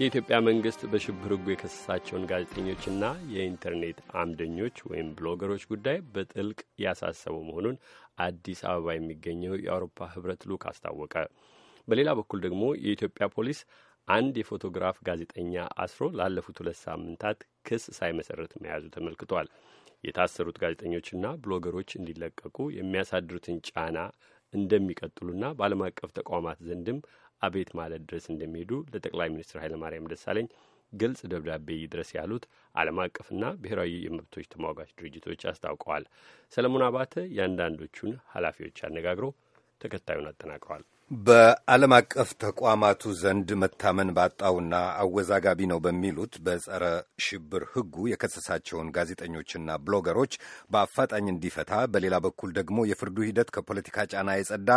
የኢትዮጵያ መንግስት በሽብር ሕጉ የከሰሳቸውን ጋዜጠኞችና የኢንተርኔት አምደኞች ወይም ብሎገሮች ጉዳይ በጥልቅ ያሳሰበው መሆኑን አዲስ አበባ የሚገኘው የአውሮፓ ህብረት ልዑክ አስታወቀ። በሌላ በኩል ደግሞ የኢትዮጵያ ፖሊስ አንድ የፎቶግራፍ ጋዜጠኛ አስሮ ላለፉት ሁለት ሳምንታት ክስ ሳይመሰረት መያዙ ተመልክቷል። የታሰሩት ጋዜጠኞችና ብሎገሮች እንዲለቀቁ የሚያሳድሩትን ጫና እንደሚቀጥሉና በዓለም አቀፍ ተቋማት ዘንድም አቤት ማለት ድረስ እንደሚሄዱ ለጠቅላይ ሚኒስትር ኃይለማርያም ደሳለኝ ግልጽ ደብዳቤ ይድረስ ያሉት ዓለም አቀፍና ብሔራዊ የመብቶች ተሟጋች ድርጅቶች አስታውቀዋል። ሰለሞን አባተ የአንዳንዶቹን ኃላፊዎች አነጋግሮ ተከታዩን አጠናቅሯል። በዓለም አቀፍ ተቋማቱ ዘንድ መታመን ባጣውና አወዛጋቢ ነው በሚሉት በጸረ ሽብር ሕጉ የከሰሳቸውን ጋዜጠኞችና ብሎገሮች በአፋጣኝ እንዲፈታ፣ በሌላ በኩል ደግሞ የፍርዱ ሂደት ከፖለቲካ ጫና የጸዳ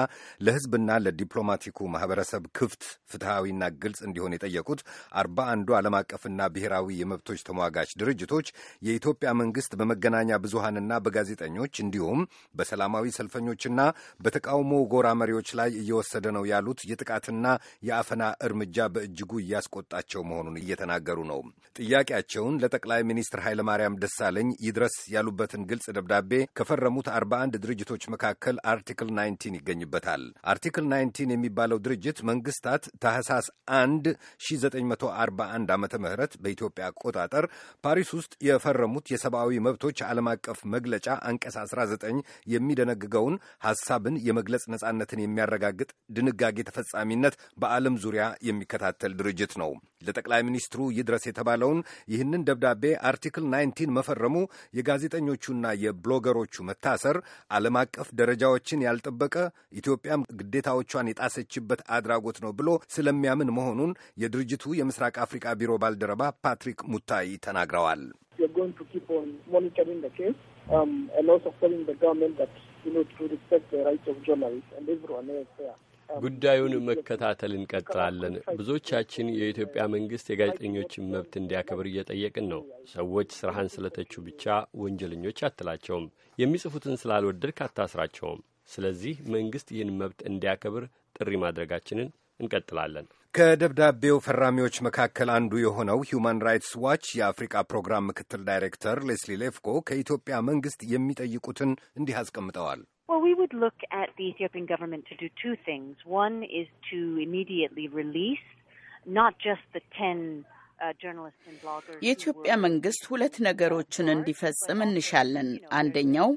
ለሕዝብና ለዲፕሎማቲኩ ማህበረሰብ ክፍት ፍትሐዊና ግልጽ እንዲሆን የጠየቁት አርባ አንዱ ዓለም አቀፍና ብሔራዊ የመብቶች ተሟጋች ድርጅቶች የኢትዮጵያ መንግስት በመገናኛ ብዙሃንና በጋዜጠኞች እንዲሁም በሰላማዊ ሰልፈኞችና በተቃውሞ ጎራ መሪዎች ላይ እየወሰደ እየተወሰደ ነው ያሉት የጥቃትና የአፈና እርምጃ በእጅጉ እያስቆጣቸው መሆኑን እየተናገሩ ነው። ጥያቄያቸውን ለጠቅላይ ሚኒስትር ኃይለማርያም ደሳለኝ ይድረስ ያሉበትን ግልጽ ደብዳቤ ከፈረሙት 41 ድርጅቶች መካከል አርቲክል 19 ይገኝበታል። አርቲክል 19 የሚባለው ድርጅት መንግስታት ታህሳስ 1 1941 ዓ ም በኢትዮጵያ አቆጣጠር ፓሪስ ውስጥ የፈረሙት የሰብአዊ መብቶች ዓለም አቀፍ መግለጫ አንቀጽ 19 የሚደነግገውን ሐሳብን የመግለጽ ነጻነትን የሚያረጋግጥ ድንጋጌ ተፈጻሚነት በዓለም ዙሪያ የሚከታተል ድርጅት ነው። ለጠቅላይ ሚኒስትሩ ይድረስ የተባለውን ይህንን ደብዳቤ አርቲክል 19 መፈረሙ፣ የጋዜጠኞቹና የብሎገሮቹ መታሰር ዓለም አቀፍ ደረጃዎችን ያልጠበቀ ኢትዮጵያም ግዴታዎቿን የጣሰችበት አድራጎት ነው ብሎ ስለሚያምን መሆኑን የድርጅቱ የምስራቅ አፍሪካ ቢሮ ባልደረባ ፓትሪክ ሙታይ ተናግረዋል። ጉዳዩን መከታተል እንቀጥላለን። ብዙዎቻችን የኢትዮጵያ መንግስት የጋዜጠኞችን መብት እንዲያከብር እየጠየቅን ነው። ሰዎች ስራህን ስለተቹ ብቻ ወንጀለኞች አትላቸውም። የሚጽፉትን ስላልወደድክ አታስራቸውም። ስለዚህ መንግስት ይህን መብት እንዲያከብር ጥሪ ማድረጋችንን እንቀጥላለን። ከደብዳቤው ፈራሚዎች መካከል አንዱ የሆነው ሁማን ራይትስ ዋች የአፍሪቃ ፕሮግራም ምክትል ዳይሬክተር ሌስሊ ሌፍኮ ከኢትዮጵያ መንግስት የሚጠይቁትን እንዲህ አስቀምጠዋል። Well, we would look at the Ethiopian government to do two things. One is to immediately release not just the 10 Uh, የኢትዮጵያ መንግስት ሁለት ነገሮችን እንዲፈጽም እንሻለን። አንደኛው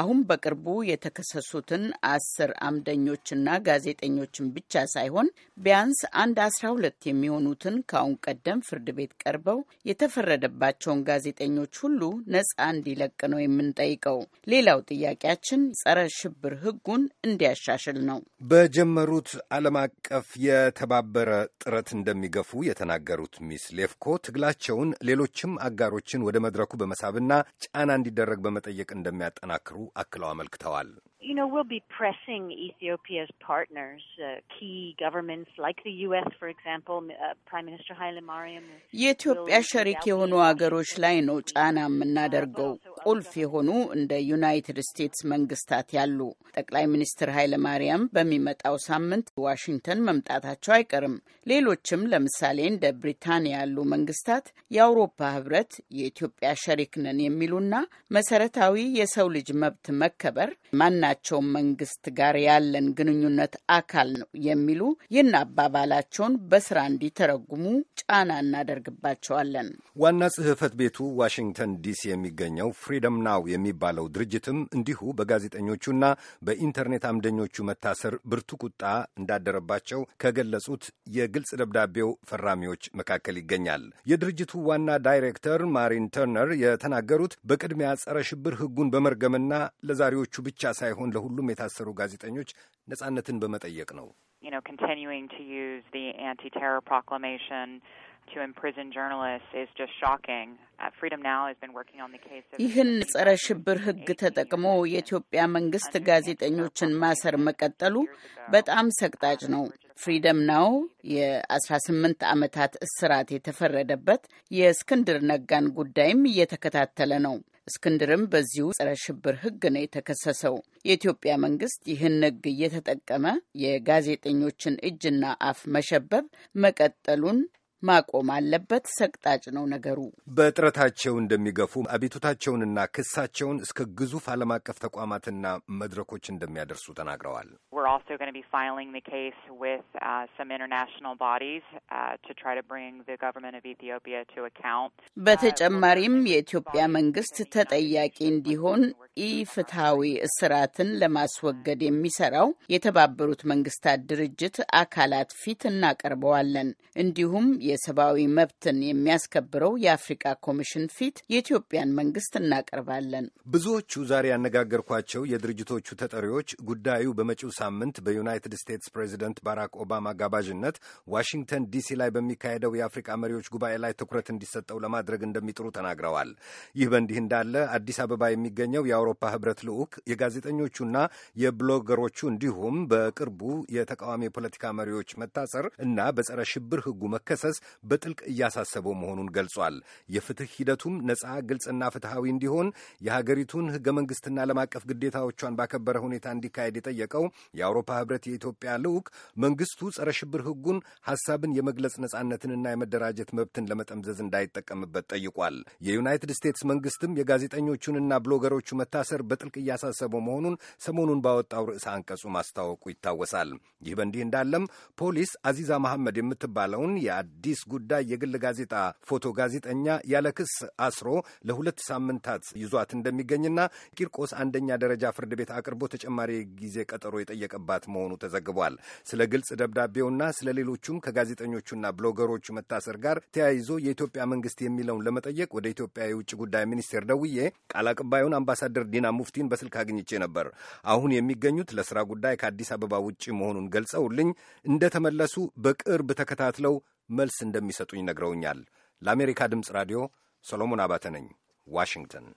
አሁን በቅርቡ የተከሰሱትን አስር አምደኞችና ጋዜጠኞችን ብቻ ሳይሆን ቢያንስ አንድ አስራ ሁለት የሚሆኑትን ከአሁን ቀደም ፍርድ ቤት ቀርበው የተፈረደባቸውን ጋዜጠኞች ሁሉ ነጻ እንዲለቅ ነው የምንጠይቀው። ሌላው ጥያቄያችን ጸረ ሽብር ህጉን እንዲያሻሽል ነው። በጀመሩት ዓለም አቀፍ የተባበረ ጥረት እንደሚገፉ የተናገሩት ሚስ ኢዴፍኮ ትግላቸውን ሌሎችም አጋሮችን ወደ መድረኩ በመሳብና ጫና እንዲደረግ በመጠየቅ እንደሚያጠናክሩ አክለው አመልክተዋል። የኢትዮጵያ ሸሪክ የሆኑ ሀገሮች ላይ ነው ጫና የምናደርገው። ቁልፍ የሆኑ እንደ ዩናይትድ ስቴትስ መንግስታት ያሉ ጠቅላይ ሚኒስትር ኃይለማርያም ማርያም በሚመጣው ሳምንት ዋሽንግተን መምጣታቸው አይቀርም። ሌሎችም ለምሳሌ እንደ ብሪታንያ ያሉ መንግስታት የአውሮፓ ህብረት የኢትዮጵያ ሸሪክ ነን የሚሉና መሰረታዊ የሰው ልጅ መብት መከበር ማናቸውም መንግስት ጋር ያለን ግንኙነት አካል ነው የሚሉ ይህን አባባላቸውን በስራ እንዲተረጉሙ ጫና እናደርግባቸዋለን። ዋና ጽህፈት ቤቱ ዋሽንግተን ዲሲ የሚገኘው ፍሪ ፍሪደም ናው የሚባለው ድርጅትም እንዲሁ በጋዜጠኞቹና በኢንተርኔት አምደኞቹ መታሰር ብርቱ ቁጣ እንዳደረባቸው ከገለጹት የግልጽ ደብዳቤው ፈራሚዎች መካከል ይገኛል። የድርጅቱ ዋና ዳይሬክተር ማሪን ተርነር የተናገሩት በቅድሚያ ጸረ ሽብር ሕጉን በመርገምና ለዛሬዎቹ ብቻ ሳይሆን ለሁሉም የታሰሩ ጋዜጠኞች ነጻነትን በመጠየቅ ነው። to imprison journalists is just shocking. Uh, Freedom Now has been working on the case ይህን ጸረ ሽብር ህግ ተጠቅሞ የኢትዮጵያ መንግስት ጋዜጠኞችን ማሰር መቀጠሉ በጣም ሰቅጣጭ ነው። ፍሪደም ናው የ18 ዓመታት እስራት የተፈረደበት የእስክንድር ነጋን ጉዳይም እየተከታተለ ነው። እስክንድርም በዚሁ ጸረ ሽብር ህግ ነው የተከሰሰው። የኢትዮጵያ መንግስት ይህን ህግ እየተጠቀመ የጋዜጠኞችን እጅና አፍ መሸበብ መቀጠሉን ማቆም አለበት። ሰቅጣጭ ነው ነገሩ። በጥረታቸው እንደሚገፉ አቤቱታቸውንና ክሳቸውን እስከ ግዙፍ ዓለም አቀፍ ተቋማትና መድረኮች እንደሚያደርሱ ተናግረዋል። uh, uh, uh, በተጨማሪም የኢትዮጵያ መንግስት ተጠያቂ እንዲሆን ኢፍትሐዊ እስራትን ለማስወገድ የሚሰራው የተባበሩት መንግስታት ድርጅት አካላት ፊት እናቀርበዋለን። እንዲሁም የሰብአዊ መብትን የሚያስከብረው የአፍሪካ ኮሚሽን ፊት የኢትዮጵያን መንግስት እናቀርባለን። ብዙዎቹ ዛሬ ያነጋገርኳቸው የድርጅቶቹ ተጠሪዎች ጉዳዩ በመጪው ሳምንት በዩናይትድ ስቴትስ ፕሬዚደንት ባራክ ኦባማ ጋባዥነት ዋሽንግተን ዲሲ ላይ በሚካሄደው የአፍሪካ መሪዎች ጉባኤ ላይ ትኩረት እንዲሰጠው ለማድረግ እንደሚጥሩ ተናግረዋል። ይህ በእንዲህ እንዳለ አዲስ አበባ የሚገኘው የአውሮፓ ህብረት ልዑክ የጋዜጠኞቹና የብሎገሮቹ እንዲሁም በቅርቡ የተቃዋሚ የፖለቲካ መሪዎች መታሰር እና በጸረ ሽብር ህጉ መከሰስ በጥልቅ እያሳሰበው መሆኑን ገልጿል። የፍትህ ሂደቱም ነጻ፣ ግልጽና ፍትሐዊ እንዲሆን የሀገሪቱን ህገ መንግስትና ዓለም አቀፍ ግዴታዎቿን ባከበረ ሁኔታ እንዲካሄድ የጠየቀው የአውሮፓ ህብረት የኢትዮጵያ ልዑክ መንግስቱ ጸረ ሽብር ህጉን ሀሳብን የመግለጽ ነጻነትንና የመደራጀት መብትን ለመጠምዘዝ እንዳይጠቀምበት ጠይቋል። የዩናይትድ ስቴትስ መንግስትም የጋዜጠኞቹንና ብሎገሮቹ መታ መታሰር በጥልቅ እያሳሰበው መሆኑን ሰሞኑን ባወጣው ርዕሰ አንቀጹ ማስታወቁ ይታወሳል። ይህ በእንዲህ እንዳለም ፖሊስ አዚዛ መሐመድ የምትባለውን የአዲስ ጉዳይ የግል ጋዜጣ ፎቶ ጋዜጠኛ ያለ ክስ አስሮ ለሁለት ሳምንታት ይዟት እንደሚገኝና ቂርቆስ አንደኛ ደረጃ ፍርድ ቤት አቅርቦ ተጨማሪ ጊዜ ቀጠሮ የጠየቀባት መሆኑ ተዘግቧል። ስለ ግልጽ ደብዳቤውና ስለ ሌሎቹም ከጋዜጠኞቹና ብሎገሮቹ መታሰር ጋር ተያይዞ የኢትዮጵያ መንግስት የሚለውን ለመጠየቅ ወደ ኢትዮጵያ የውጭ ጉዳይ ሚኒስቴር ደውዬ ቃል አቀባዩን አምባሳደር ዲና ሙፍቲን በስልክ አግኝቼ ነበር። አሁን የሚገኙት ለሥራ ጉዳይ ከአዲስ አበባ ውጭ መሆኑን ገልጸውልኝ እንደተመለሱ በቅርብ ተከታትለው መልስ እንደሚሰጡኝ ነግረውኛል። ለአሜሪካ ድምፅ ራዲዮ ሰሎሞን አባተ ነኝ ዋሽንግተን።